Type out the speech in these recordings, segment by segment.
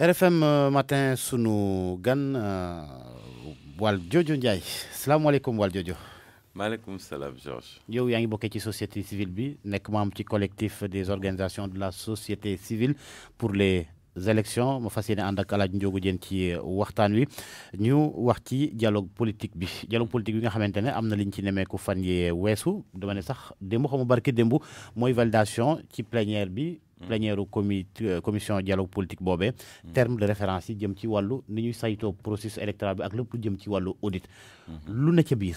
RFM euh, matin sunu gan euh, wal Waly Diodio Ndiaye salaamaaleykum Waly Wa maaleykum salam, Georges. yow yaa ngi bokkee ci société civile bi nekk membre ci collectif des organisations de la société civile pour les élections ma fas yéene la ak Alaaji Ndiogu Diène ci euh, waxtan wi ñu wax ci dialogue politique bi dialogue politique bi nga xamantene amna liñ ci nemeeku fan yee weesu dama né sax dembu xamu barki dembu moy validation ci plénière bi. Mm. plénière comité euh, commission dialogue politique Bobé, mm. terme de référence yi jëm ci walu ni ñuy sayto processus électoral bi ak lepp lu jëm ci walu audit mm-hmm. lu ne ci biir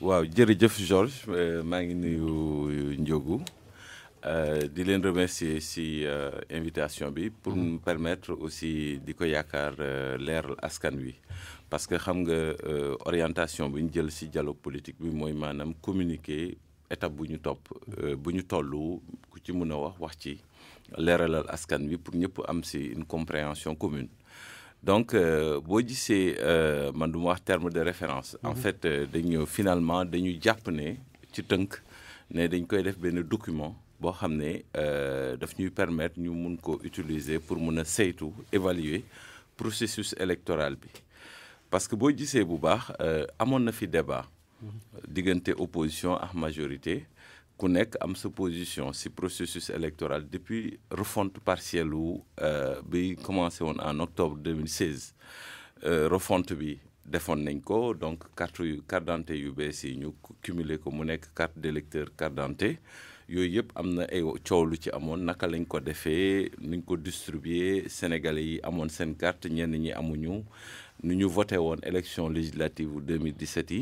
waaw jërëjëf Georges euh, maa ngi nuyu Ndiogou euh, di leen remercier si invitation bi pour mm-hmm. me permettre aussi di ko yaakaar leeral askan wi parce que xam nga orientation bi ñu jël si dialogue politique bi mooy maanaam communiquer étape bu ñu topp euh, bu ñu toll ku ci mëna wax wax ci léralal askan wi pour ñëpp am ci une compréhension commune donc euh, boo euh man du wax terme de référence en mhm. fait euh, dañu finalement dañu japp né ci tënk ne dañ koy def ben document bo xamné euh daf ñuy permettre ñu mun ko utiliser pour mëna a saytu évaluer processus électoral bi parce que bo gisee bu baax amoon na fi débat diggante opposition à majorité ku à am sa position ce processus électoral depuis refonte partielle qui euh, a commencé en octobre 2016 euh, refonte bi défendu donc carte carte d'identité yu nous ñu cumuler carte d'électeur carte d'identité et ay ciowlu ci amone naka lañ ko ko distribuer sénégalais yi amone sen carte ñen ñi amuñu ñu voté won élection législative 2017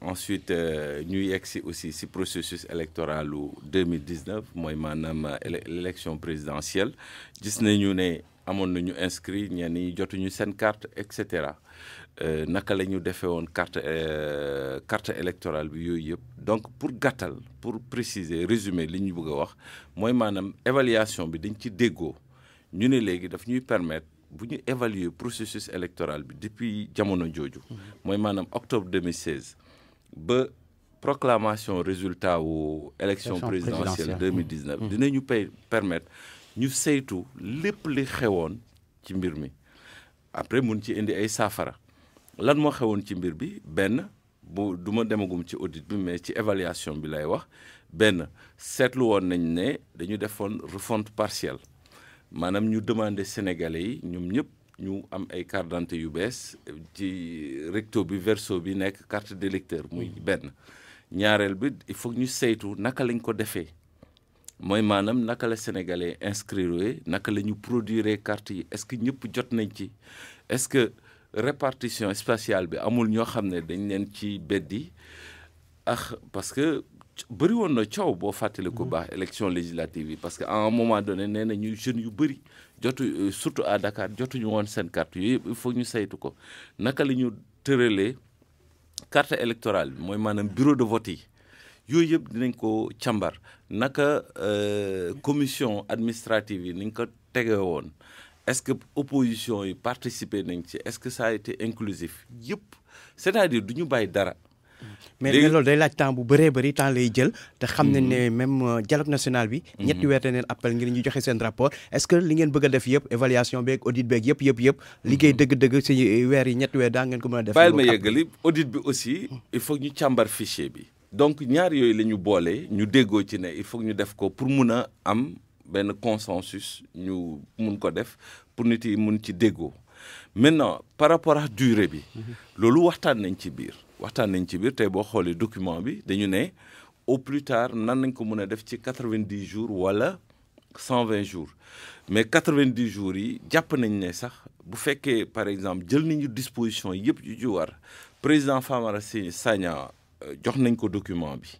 ensuite nous euh, y aussi le processus électoral électoralu 2019 l'élection présidentielle Nous avons inscrit nous avons jotuñu une carte etc. Nous avons fait ñu carte euh, carte électorale donc pour gatal pour préciser résumer li ñu bëgg wax évaluation bi dañ ci déggo ñu né légui daf ñuy permettre bu ñu processus électoral bi depuis jamono joju moy mmh. manam octobre 2016 ba proclamation résultat aux élection présidentielle 2019 mmh. mmh. dinañu pay permettre ñu saytu lépp li xewoon ci mbir mi après mun ci indi ay safara lan mo xewon ci mbir bi ben bu duma demagum ci audit bi mais ci évaluation bi lay wax ben setlu won nañ ne dañu defoon refonte partielle manam ñu demander sénégalais yi ñoom ñu am ay carte d'identité yu bees ci recto bi verso bi nekk carte lecteur muy mm. benn ñaareel bi il faut ñu saytu naka lañ ko defee mooy maanaam naka la sénégalais inscrire naka la ñu produire carte yi est-ce que ñëpp jot nañ ci est-ce que répartition spatiale bi amul ñoo xam ne dañ leen ci beddi ah parce que bëri woon na coow boo fàttali ko baax élection législative yi parce que à un moment donné nee na ñuy jeunes yu bëri jotu euh, surtout à Dakar jotuñu woon seen carte yooyu yëpp il faut ñu saytu ko naka la ñu tëralee carte électorale bi mooy maanaam bureau de vote yi yooyu yëpp dinañ ko càmbar naka euh, commission administrative yi niñ ko tege woon est-ce que opposition yi participer nañ ci est-ce que ça a été inclusif yëpp c'est-à-dire du ñu bàyyi dara mais mais loolu day laaj temps bu bëree bëri temps lay jël te xam nañ ne mm-hmm. même euh, dialogue national bi mm-hmm. ñetti weer neen appel ngir ñu joxe seen rapport est-ce que li ngeen bëgg a def yëpp évaluation beeg audit beeg yëpp yëpp yëpp liggéey mm-hmm. dëgg-dëgg si weer yi ñetti weer daa ngeen ko mën a def bàyyil ma yeggali audit bi aussi il faut ñu càmbar fichier bi donc ñaar yooyu la ñu boole ñu déggoo ci ne il faut ñu def ko pour mun a am benn consensus ñu mun ko def pour nit yi mun ci déggoo maintenant par rapport à durée bi loolu waxtaan nañ ci biir waxtaan nañ ci biir tey boo xoolee document bi dañu ne au plus tard nan nañ ko mën a def ci 90 jours wala 120 jours mais 90 jours yi jàpp nañ ne sax bu fekkee par exemple jël nañu disposition yëpp yu ci war président Famara Sagna euh, jox nañ ko document bi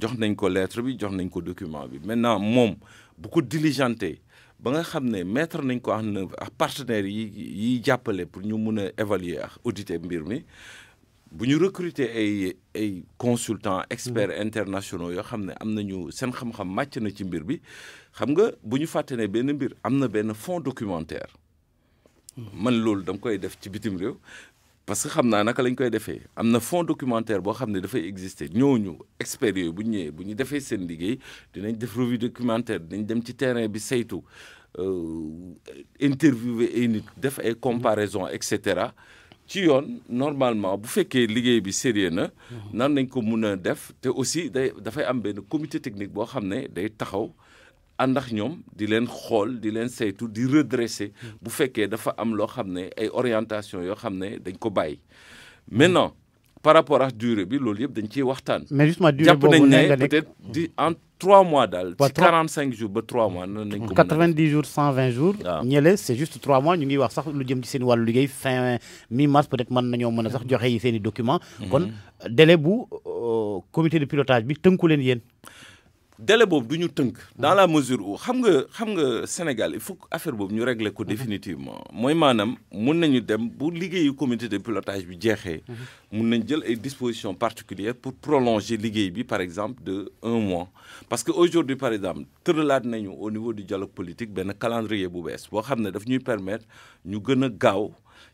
jox nañ ko lettre bi jox nañ ko document bi maintenant moom bu ko diligenté ba nga xam ne mettre nañ ko en œuvre ak partenaires yi yi jàppale pour ñu mun a évaluer ak auditer mbir mi bu ñu recruter ay ay consultants mmh. experts internationaux yoo xam ne am nañu seen xam-xam màcc na ci mbir bi xam nga bu ñu fàtte ne benn mbir am na benn fond documentaire. Mmh. man loolu dama koy def ci bitim réew. parce que xam naa naka lañ koy defee am na fond documentaire boo xam ne dafay exister ñooñu experts yooyu bu ñu ñëwee bu ñu defee liggéey dinañ def revue documentaire dinañ dem ci terrain bi saytu euh, interviewer ay nit def ay comparaison et cetera. ci yoon normalement bu fekkee liggéey bi sérieux na nan nañ ko mun a def te aussi day dafay am benn comité technique boo xam ne day taxaw àndax ñoom di leen xool di leen saytu di redresser bu fekkee dafa am loo xam ne ay orientation yoo xam ne dañ ko bàyyi maintenant par rapport à durée bi loolu yëpp dañ ciy waxtaan. mais justement durée boobu peut être di en 3 mois daal. 45 jours ba 3 mois. nan nañ ko 90 jours 120 jours. ñele c'est juste 3 mois ñu ngi wax sax lu jëm ci seen walu liggéey fin mi mars peut être man nañu mëna sax joxe yi seen i documents. Mhm. kon délai bu euh, comité de pilotage bi tënku leen délai boobu du ñu dans la mesure où xam nga xam nga Sénégal il faut que affaire boobu ñu régler ko mhm. définitivement. moy manam mën nañu dem bu liggéeyu comité de pilotage bi jéxé mën mhm. nañ jël ay dispositions particulières pour prolonger liggéey bi par exemple de un mois. parce que aujourd'hui par exemple tëralaat nañu au niveau du dialogue politique ben calendrier bu bees bo xamné daf ñuy permettre ñu gëna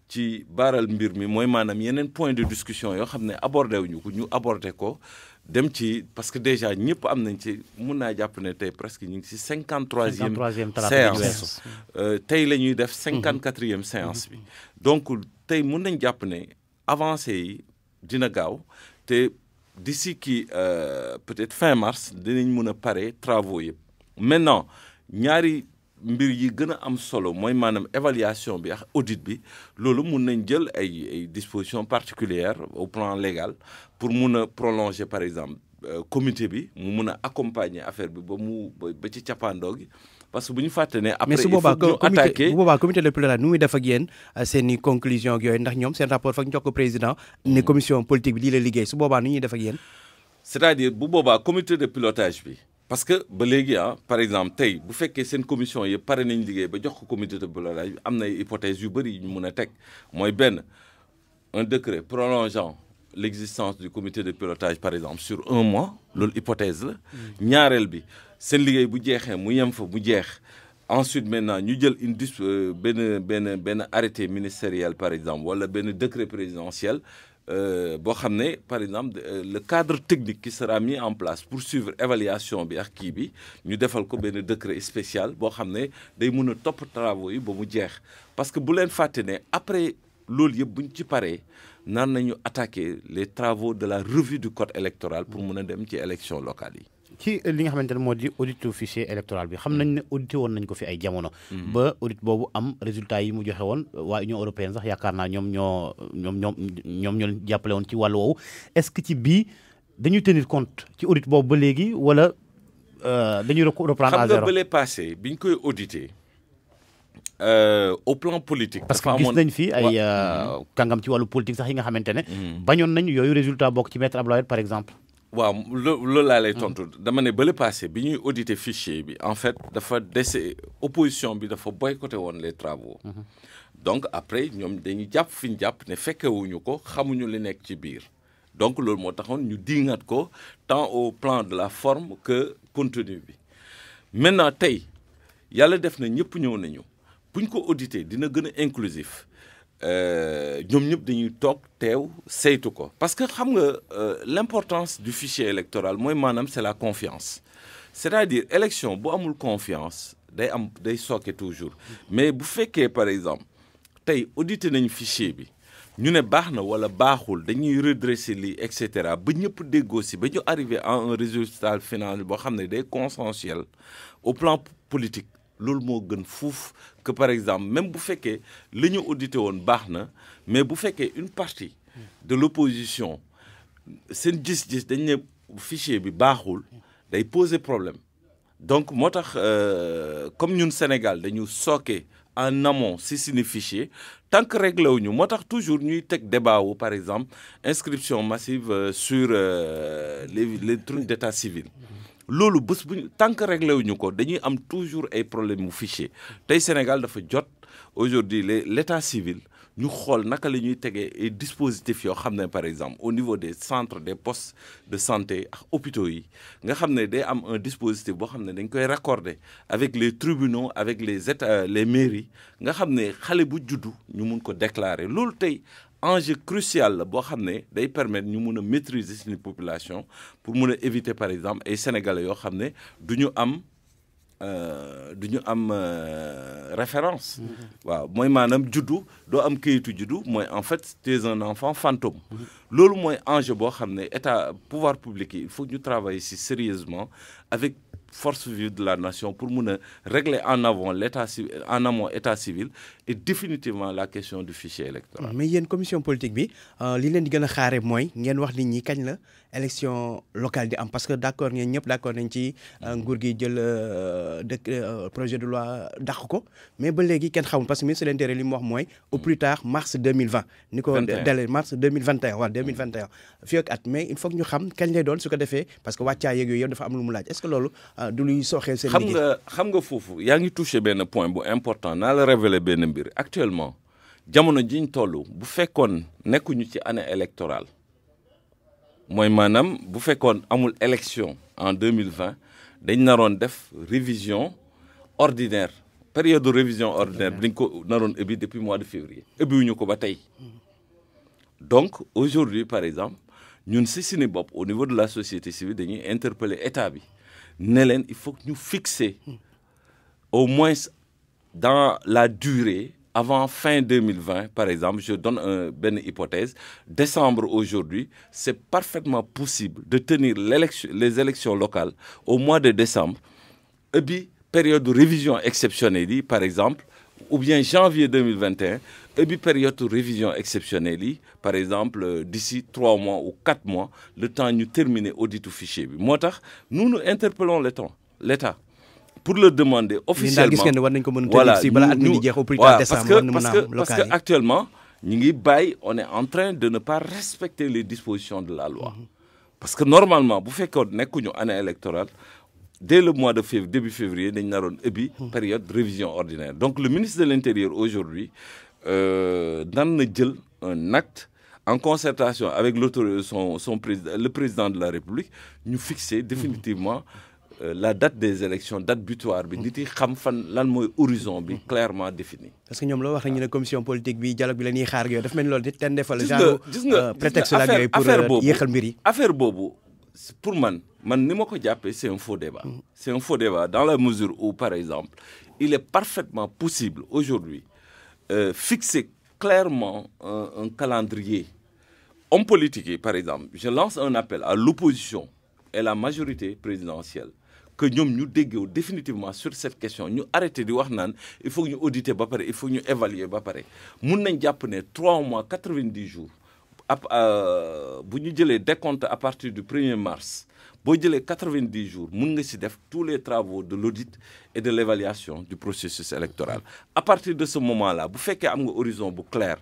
ci baral mbir mi mooy maanaam yeneen point de discussion yoo xam ne abordé wuñu ko ñu abordé ko dem ci parce que déjà ñëpp am nañ ci mun naa jàpp ne tey presque ñu ngi si cinquante troisième séance euh, tey la ñuy def cinquante quatrième mm-hmm. séance bi mm-hmm. donc tey mun nañ jàpp ne avancé yi dina gaaw te d'ici kii euh, peut-être fin mars dinañ mun a pare travaux yëpp maintenant ñaari mbir yi gën a am solo mooy maanaam évaluation bi ak audit bi loolu mun nañ jël ay ay dispositions particulières au plan légal pour mun a prolonger par exemple euh, comité bi mu mun a accompagner affaire bi ba mu ba ci cappaandoo gi parce que bu ñu fàtte ne. après il faut ñu attaqué bu boobaa comité de pilotage nu muy def ak yéen euh, seen i conclusion ak yooyu ndax ñoom seen rapport fa ñu président. Hmm. ne commission politique bi lii la liggéey su boobaa nu ñuy def ak yéen. c'est-à-dire bu boobaa comité de pilotage bi parce que ba légui ah par exemple tay bu fekkee seen commission yi pare nañ liggéey ba jox ko comité de pilotage am na hypothèse yu bëri ñu mun a teg mooy benn un décret prolongeant l'existence du comité de pilotage par exemple sur un mois loolu hypothèse la ñaareel bi seen liggéey bu jeexee mu yem fa mu jeex ensuite maintenant ñu jël une dis euh, benn benn benn arrêté ministériel par exemple wala benn décret présidentiel euh, par exemple euh, le cadre technique qui sera mis en place pour suivre l'évaluation de nous nous avons ñu un décret spécial pour que nous day faire a travaux parce que bu vous après loolu nous buñ ci attaquer les travaux de la revue du code électoral pour monter des élections locales. locale ci li nga xamantene ne moo di audit fichier électoral bi xam mm. nañ ne audité woon nañ ko fi ay jamono mm. ba audit boobu am résultat yi mu joxe woon waa union européenne sax yaakaar naa ñoom ñoo ñoom ñoom ñoom ñoo leen jàppale woon ci wàllu woowu est-ce que ci bii dañu tenir compte ci audit boobu ba léegi wala euh, dañuy reprendre à zéro xam nga bële passé biñ koy audité euh, au plan politique. parce que gis nañ fi ay euh, mm-hmm. kàngam ci wàllu politique sax yi nga xamante ne. Mm-hmm. bañoon nañ yooyu résultat bokk ci maître Abdoulaye par exemple waaw loolu laa lay hum. tontu dama ne bële passé bi ñuy auditer fichier bi en fait dafa dese opposition bi dafa boycotté woon les travaux. Hum hum. donc après ñoom dañu jàpp fi ñu jàpp ne fekkewuñu ko xamuñu li nekk ci biir. donc loolu moo taxoon ñu diingat ko tant au plan de la forme que contenu bi maintenant tey yàlla def na ñëpp ñëw nañu buñ ko auditer dina gën a inclusif. Euh, ñoom ñëpp dañuy toog teew saytu ko parce que xam nga euh, l'importance du fichier électoral mooy maanaam c'est la confiance c'est-à-dire élection bu amul confiance day am day sooke toujours mais bu fekkee par exemple tey audité nañ fichier bi ñu ne baax na wala baaxul dañuy redresser lii et cetera ba ñëpp si ba ñu arrivé à un résultat final boo xam ne day consensuel au plan politique lool mo gën fouf que par exemple même bu fekkee liñu audité woon mais bu une partie de l'opposition seen gis-gis dañ né fichier bi baxul day poser problème donc motax nous, euh, comme ñun Sénégal dañu sommes en amont si suñu fichier tant que réglé wuñu nous avons toujours ñuy des débat par exemple inscription massive euh, sur euh, les les trucs d'état civil loolu bés bu ñu tant que réglé wuñu ko dañuy am toujours ay problème mu fichier tey Sénégal dafa jot aujourd'hui les l' état civil ñu xool naka la ñuy tegee ay dispositifs yoo xam ne par exemple au niveau des centres des postes de santé ak hôpitaux yi nga xam ne day am un dispositif boo xam ne dañ koy raccorder avec les tribunaux avec les états euh, les mairies nga xam ne xale bu juddu ñu mun ko déclarer loolu tey enjeu crucial bo xamné day permettre ñu mëna maîtriser cette population pour mëna éviter par exemple ay sénégalais yo xamné duñu am euh duñu am euh, référence. Mm-hmm. waaw moy manam juddu do am kayitu juddu moy en fait tu es un enfant fantôme. Mm-hmm loolu mooy enjeu boo xam ne état pouvoir public yi il faut ñu travailler si sérieusement avec force vive de la nation pour mun a régler en avant l'état civil en amont état civil et définitivement la question du fichier électoral. mais yéen commission politique bi euh, li leen di gën a xaare mooy ngeen wax nit ñi kañ la élection locale di am parce que d' accord ngeen ñëpp d' accord nañ ci euh, mm-hmm. nguur gi jël euh, dëkk projet de loi dàq ko mais ba léegi kenn xamul parce que ministre de l'intérieur li mu wax mooy au mm-hmm. plus tard mars 2020. mille vingt. ni ko mars 2021 2021 fii ak at mais il faut que ñu xam kañ lay doon su ko defee parce que wàccaa yeeg yooyu dafa am lu mu laaj est-ce que loolu euh, du luy sooxee seen liggéey xam nga xam nga foofu yaa ngi touché benn point bu important naa la révéler benn mbir actuellement jamono jiñ toll bu fekkoon nekkuñu ci année électorale mooy maanaam bu fekkoon amul élection en 2020 dañ naroon def révision ordinaire période de révision ordinaire bi dañ ko naroon ubbi depuis mois de février ubbiwuñu ko ba tey mm-hmm donc aujourd'hui par exemple nous ne sommes au niveau de la société civile nous interpeller état bi il faut que nous fixer au moins dans la durée avant fin 2020 par exemple je donne une bonne hypothèse décembre aujourd'hui c'est parfaitement possible de tenir les élections locales au mois de décembre et puis période de révision exceptionnelle par exemple ou bien janvier 2021 et puis période de révision exceptionnelle par exemple euh, d'ici trois mois ou quatre mois le temps de terminer du fichier bi nous nous interpellons le temps l'État pour le demander officiellement parce que actuellement on est en train de ne pas respecter les dispositions de la loi mhm. parce que normalement bu fekkoon une année électorale dès le mois de février, début février, nous avons une période de révision ordinaire. Donc le ministre de l'Intérieur aujourd'hui, euh, dans un acte en concertation avec le président de la République, nous fixer définitivement euh, la date des élections, date butoir, horizon clairement défini. parce que commission politique dialogue la affaire pour moi, man ni c'est un faux débat mm. c'est un faux débat dans la mesure où par exemple il est parfaitement possible aujourd'hui de euh, fixer clairement un, calendrier En politique par exemple je lance un appel à l'opposition et la majorité présidentielle que nous nous définitivement sur cette question Nous arrêter de wax il faut que nous auditer il faut que évaluer Nous avons trois mois 90 jours si nous euh, décompte à partir du 1er mars boo les 90 jours Nous nga fait tous les travaux de l'audit et de l'évaluation du processus électoral à partir de ce moment là vous faites un horizon clair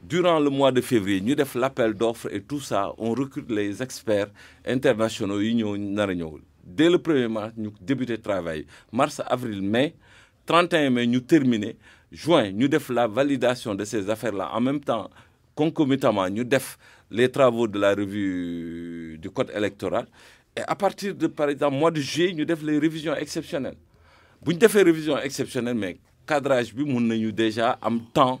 durant le mois de février nous def l'appel d'offres et tout ça on recrute les experts internationaux dès le 1er mars nous avons débuté travail mars avril mai 31 mai avons terminé juin nous def la validation de ces affaires là en même temps concomitamment nous def les travaux de la revue du code électoral et à partir de par exemple mois de juillet nous def les révisions exceptionnelles Nous ñu révision exceptionnelles, mais cadrage bi mën nañu déjà am temps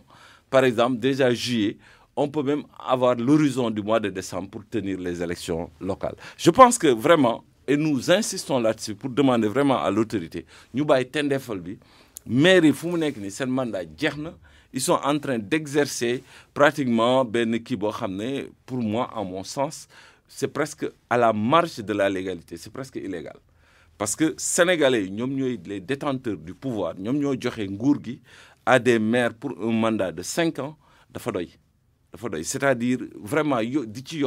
par exemple déjà juillet on peut même avoir l'horizon du mois de décembre pour tenir les élections locales je pense que vraiment et nous insistons là-dessus pour demander vraiment à l'autorité ñu bàyyi tendefal bi mairie fu mu que nous mandat la ils sont en train d'exercer pratiquement ben pour moi à mon sens c'est presque à la marge de la légalité c'est presque illégal parce que sénégalais les détenteurs du pouvoir ñom ñoy à des maires pour un mandat de 5 ans dafa doy c'est-à-dire vraiment di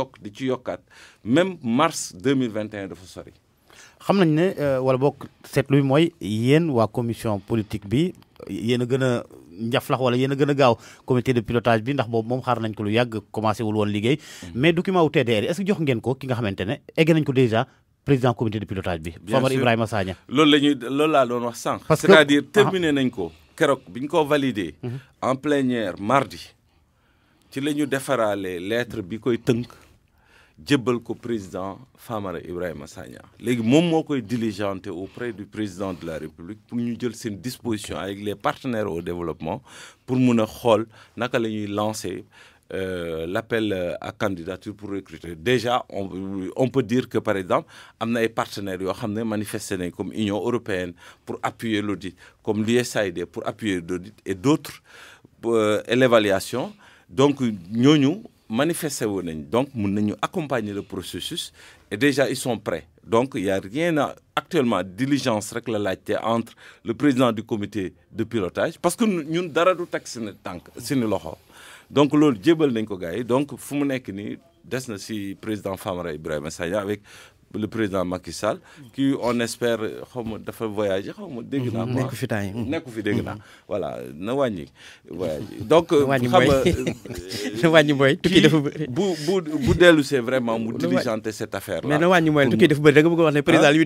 même mars 2021 dafa sori xam nañ euh, wala bok cette moy commission politique bi yene njaflax wala yéen a gën a gaaw comité de pilotage bi ndax moom xaar ko lu yàgg commencé wul woon liggéey mm-hmm. mais document wu TDR est-ce que jox ngeen ko ki nga xamante ne egg nañ ko déjà président comité de pilotage bi Famar Ibrahima Sagna loolu la ñuy loolu laa doon wax sànq c'est-à-dire ah. terminé nañ ko keroog bi ñu ko validé mm-hmm. en plénière mardi ci la defaraale lettre bi koy tënk jébbal ko président Famara Ibrahima Sagna légui mom mo koy auprès du président de la République pour ñu jël une disposition avec les partenaires au développement pour mëna naka lancer euh, l'appel à candidature pour recruter déjà on peut dire que par exemple y a des partenaires qui ont manifesté comme Union européenne pour appuyer l'audit comme l'USAID pour appuyer l'audit et d'autres pour euh, l'évaluation donc nous, manifesté wu manifesté, donc mun nañu accompagner le processus et déjà ils sont prêts donc il y a rien actuellement diligence rek la entre le président du comité de pilotage parce que nous dara du teg seen tank seen loxo donc loolu jébal nañ ko donc nous mu nekk avec le si président Famara Ibrahima Sanya avec le président Macky Sall qui on espère voyager. dafa mm-hmm. voilà na donc xam vraiment cette affaire là mais na tukki dafa da wax président lui,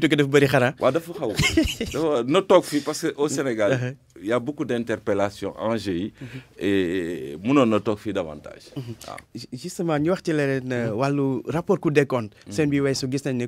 parce que au Sénégal uh-huh. il y a beaucoup d'interpellations en GI uh-huh. et nous davantage uh-huh. justement wax ci hmm. euh, rapport coup de comptes hmm. seen bi gis nañ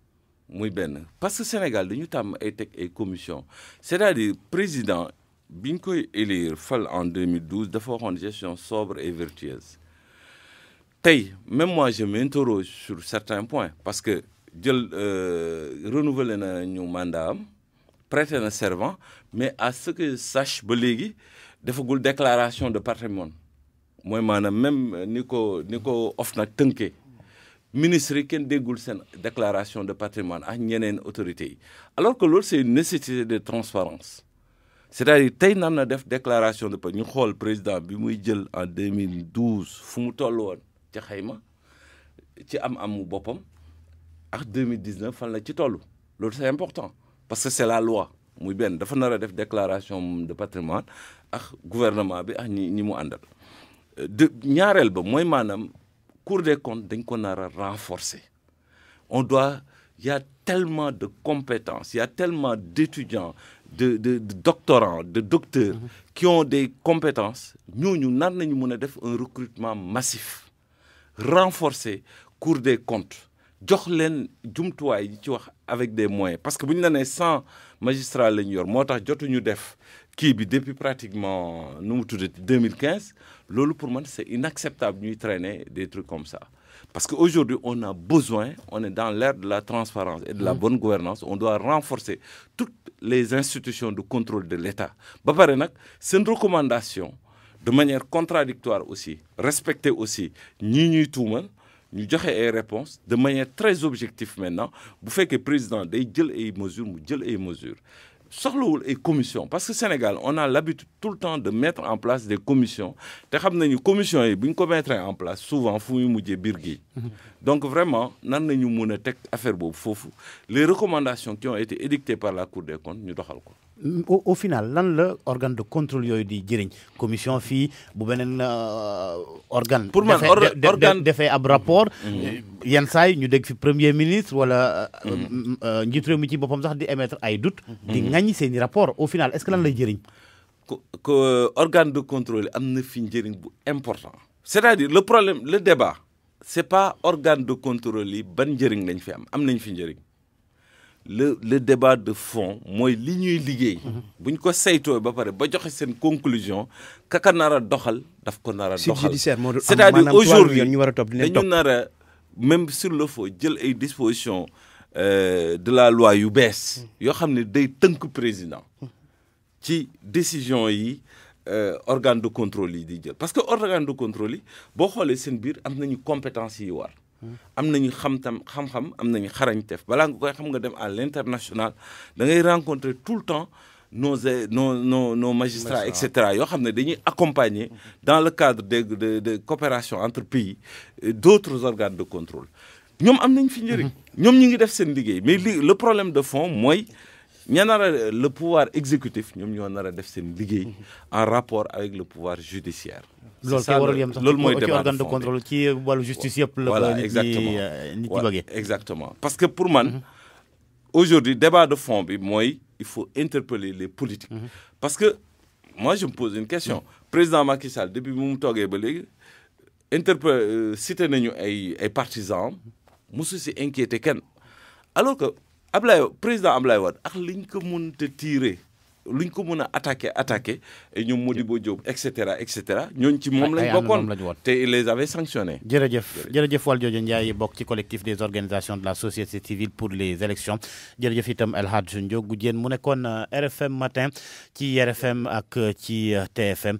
muy parce que Sénégal dañu avons ay commission c'est-à-dire président bi ñu koy élire en 2012 dafa waxoon gestion sobre et vertueuse tey même moi je m'interroge sur certains points parce que jël euh, renouveler na ñu mandat prêté prêter na servant mais à ce que je sache ba léegi une déclaration de patrimoine moi maanaam même ni ko ni ko of ministre qui a sen déclaration de patrimoine ak ñeneen autorité. alors que loolu c'est une nécessité de transparence c'est-à-dire tey nan na def déclaration de patrimoine ñu xool président bi muy jël en 2012 fu mu toll woon ci xayma ci am-amu boppam ak 2019 fan la ci toll loolu c'est important parce que c'est la loi muy benn dafa nar def déclaration de patrimoine ak gouvernement bi ak ñi ñi mu àndal de ñaareel ba mooy maanaam Cours des comptes donc on renforcer on doit il y a tellement de compétences il y a tellement d'étudiants de doctorants de docteurs mm-hmm. qui ont des compétences Nous, nous, avons fait un recrutement massif renforcer cours des comptes jox leen avec des moyens parce que nous on la magistrats on avons yor qui qui jotuñu def depuis pratiquement nous 2015 pour moi, c'est inacceptable de traîner des trucs comme ça parce qu'aujourd'hui on a besoin on est dans l'ère de la transparence et de la mmh. bonne gouvernance on doit renforcer toutes les institutions de contrôle de l'État C'est une recommandation de manière contradictoire aussi respecter aussi tout ñuy monde. ñu réponses de manière très objective maintenant fait que président day et et mesures mu mesures soxlawul et commission parce que Sénégal on a l'habitude tout le temps de mettre en place des commissions on xam commission yi bu ko mettre en place souvent fu muy mhm. donc vraiment nan nañu a affaire les recommandations qui ont été édictées par la Cour des comptes ñu doxal ko au, au final lan la organe de contrôle yoy di jëriñ commission fi bu beneen euh, organe. pour man organe defé ab rapport. Mhm. yenn saa ñu dégg fi premier ministre wala. Euh, mhm. euh, njiitu réew mi ci bopam sax di émettre ay doute. Mhm. di ngagn seen rapport au final est-ce que lan lay jëriñ. que organe de contrôle amna fi njëriñ bu important. c'est-à-dire le problème le débat c'est pas organe de contrôle yi ban njëriñ lañ fi am am nañ fi njëriñ le le débat de fond moy li ñuy liggéey. bu ko saytoo ba pare ba joxe seen conclusion kaka nar a doxal daf ko nar a. doxal c'est-à-dire aujourd'hui war a dañu nar a même sur le fond, jël ay euh, de la loi yu bees. yoo xam ne day tënk président. ci décision yi euh, organe de contrôle yi di jël parce que organe de contrôle yi boo xoolee seen biir am nañu compétence yi war am nañu xam à l'international da rencontrer tout le temps nos nos magistrats etc. Ils sont dans le cadre de coopération entre pays d'autres organes de contrôle Nous, ont des Nous, mais le problème de fond c'est... Il y a le pouvoir exécutif ñom ñoo nara def seen liggéey en rapport avec le pouvoir judiciaire. loolu kay warul yam sax organe de contrôle ci walu justice yep la. voilà exactement euh, nit exactement parce que pour man aujourd'hui débat de fond bi il faut interpeller les politiques. Mhm. parce que moi je me pose une question mhm. président Macky Sall depuis que mu toogee ba léegi interpeller euh, cité nañu ay ay partisans musu ci inquiété ken alors que. Ablaye président Ablaye Wade ak liñ ko mën tirer ko a attaqué Modibo il les avait sanctionnés des organisations de la société civile pour les El euh, RFM matin ci RFM ak euh, euh, TFM